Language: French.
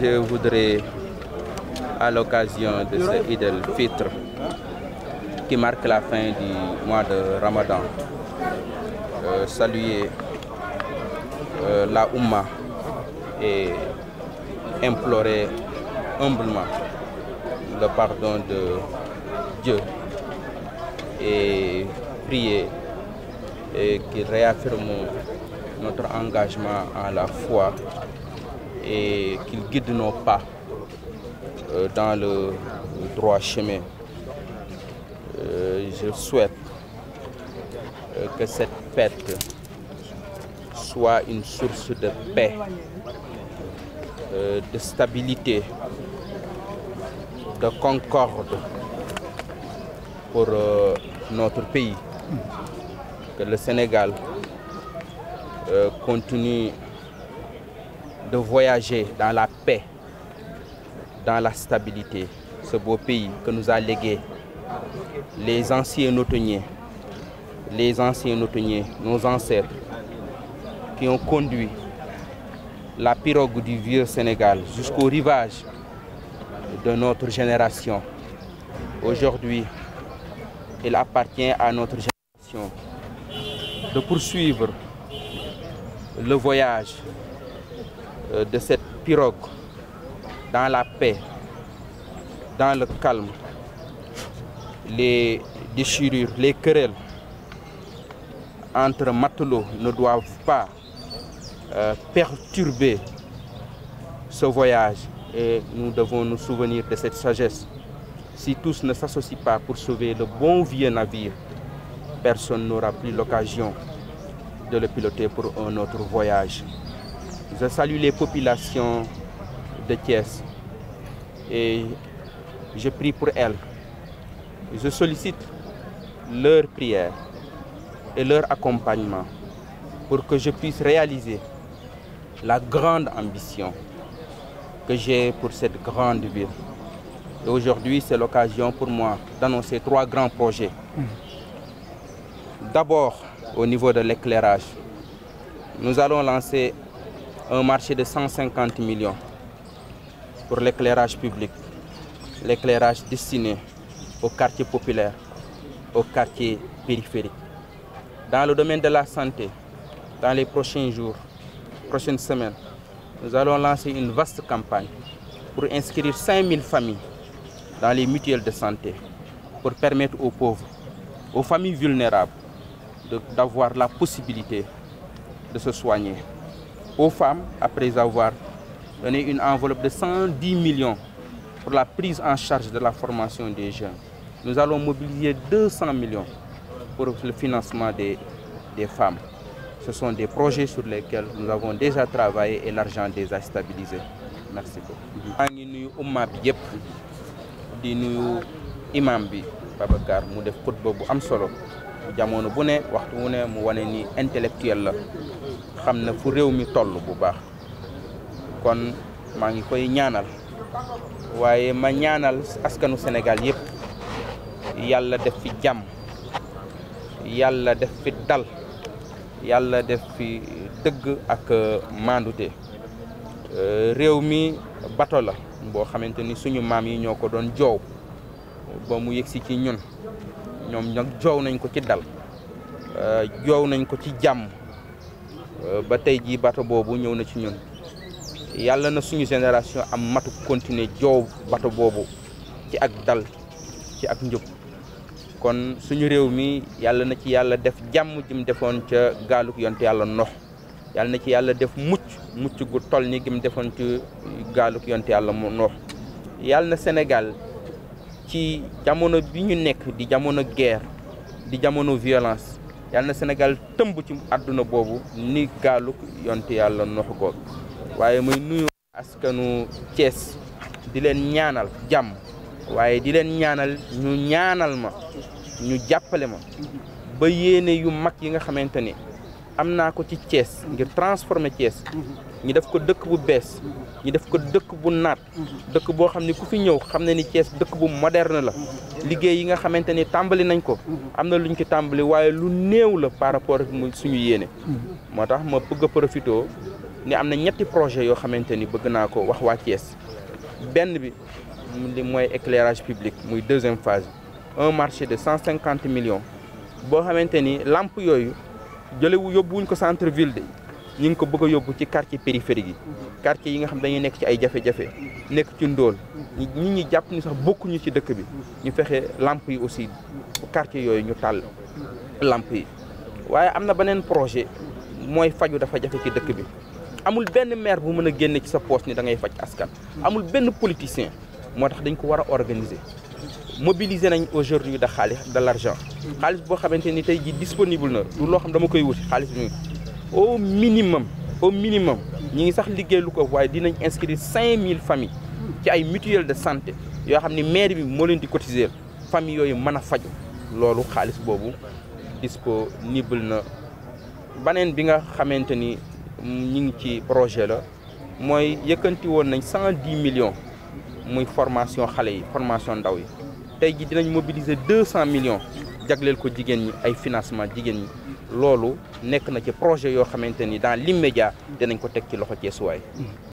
je voudrais, à l'occasion de ce idel qui marque la fin du mois de Ramadan, euh, saluer euh, la Oumma et implorer humblement le pardon de Dieu et prier et qu'il réaffirme notre engagement à la foi et qu'il guide nos pas euh, dans le droit chemin. Euh, je souhaite euh, que cette fête soit une source de paix, de stabilité, de concorde pour notre pays. Que le Sénégal continue de voyager dans la paix, dans la stabilité, ce beau pays que nous a légué les anciens notoniers, les anciens nos ancêtres, qui ont conduit la pirogue du vieux Sénégal jusqu'au rivage de notre génération. Aujourd'hui, il appartient à notre génération de poursuivre le voyage euh, de cette pirogue dans la paix, dans le calme, les déchirures, les querelles entre matelots ne doivent pas euh, perturber ce voyage et nous devons nous souvenir de cette sagesse. Si tous ne s'associent pas pour sauver le bon vieux navire, personne n'aura plus l'occasion de le piloter pour un autre voyage. Je salue les populations de Thiès et je prie pour elles. Je sollicite leur prière et leur accompagnement pour que je puisse réaliser la grande ambition que j'ai pour cette grande ville. aujourd'hui, c'est l'occasion pour moi d'annoncer trois grands projets. D'abord, au niveau de l'éclairage, nous allons lancer un marché de 150 millions pour l'éclairage public, l'éclairage destiné aux quartiers populaires, aux quartiers périphériques. Dans le domaine de la santé, dans les prochains jours, prochaines semaines, nous allons lancer une vaste campagne pour inscrire 5000 familles dans les mutuelles de santé pour permettre aux pauvres, aux familles vulnérables d'avoir la possibilité de se soigner aux femmes après avoir donné une enveloppe de 110 millions pour la prise en charge de la formation des jeunes. Nous allons mobiliser 200 millions pour le financement des, femmes. Ce sont des projets sur lesquels nous avons déjà travaillé et l'argent déjà stabilisé. Merci beaucoup. Nous solo jamono bu ne waxtu wu ne mu wane ni intellectuel la xam na fu réew mi toll bu baax kon maa ngi koy ñaanal waaye ma ñaanal askanu senegaal yëpp yàlla def fi jàmm yàlla def fi dal yàlla def fi dëgg ak euh, maandute euh, réew mi bato la boo xamante ni suñu maam yi ñoo ko doon joow ba mu yegsi ci ñun ñoom nag joow nañ ko ci dal euh, joow nañ ko ci jàmm euh, ba tey jii bato boobu ñëw na ci ñun yàlla na suñu génération am matu continuer joow bato boobu ci ak dal ci ak njub kon suñu réew mi yàlla na ci yàlla def jàmm jim defoon ca gaaluk yonte yàlla nox yàlla na ci yàlla def muc mucc gu tol ni gim defoon ci gaaluk yonte yàlla mu noox yàlla na Sénégal ci jamono bi ñu nekk di jamono guerre di jamono violence yàlla na tëmb ci àdduna boobu ni gaaluk yonte yàlla noxu goog waaye muy nuyu askanu Thiès di leen ñaanal jàmm waaye di leen ñaanal ñu ñaanal ma ñu jàppale ma ba yéene yu mag yi nga xamante am naa ko ci Thiès ngir transformer Thiès ñu def ko dëkk bu bees ñu def ko dëkk bu naat dëkk boo xam ne ku fi ñëw xam ne ni Thiès dëkk bu moderne la liggéey yi nga xamante ni tàmbali nañ ko am na lu ñu ko tàmbali waaye lu néew la par rapport ak suñu yéene moo tax ma bëgg a profité ni am na ñetti projet yoo xamante ni bëgg naa ko wax waa Thiès benn bi li mooy éclairage public muy deuxième phase un marché de cent cinquante millions boo xamante ni làmp yooyu wu yobbuñ ko centre ville de ñu ngi ko bëgg yobbu ci quartier périphérique quartier yi nga xam dañuy nekk ci ay jafé jafé nekk ci ndóol ñi ñi japp ni sax bokku ñu ci dëkk bi ñu fexé lampe yi aussi quartier yooyu ñu tal lampe yi waaye am na beneen projet mooy faju dafa jafe ci dëkk bi amul benn maire bu mën a génne ci sa poste ni da ngay faj askan amul benn politicien moo tax dañ ko war a organiser mobiliser nañ aujourd'hui da de l'argent xaalis bo xamanteni tay ji disponible na du lo xam dama koy wuti xaalis bi au minimum au minimum ñi ngi sax liggéey lu ko way dinañ inscrire cinq mille familles ci ay mutuelle de santé yo xamni maire bi mo leen di cotiser famille yoyu mën a faju loolu xaalis boobu disponible na banen bi nga xamanteni ni ñi ngi ci projet la moy yëkënti won nañ cent dix millions muy formation xalé yi formation ndaw yi Aujourd'hui, nous mobilisé 200 millions pour ko financements. financement projet dans l'immédiat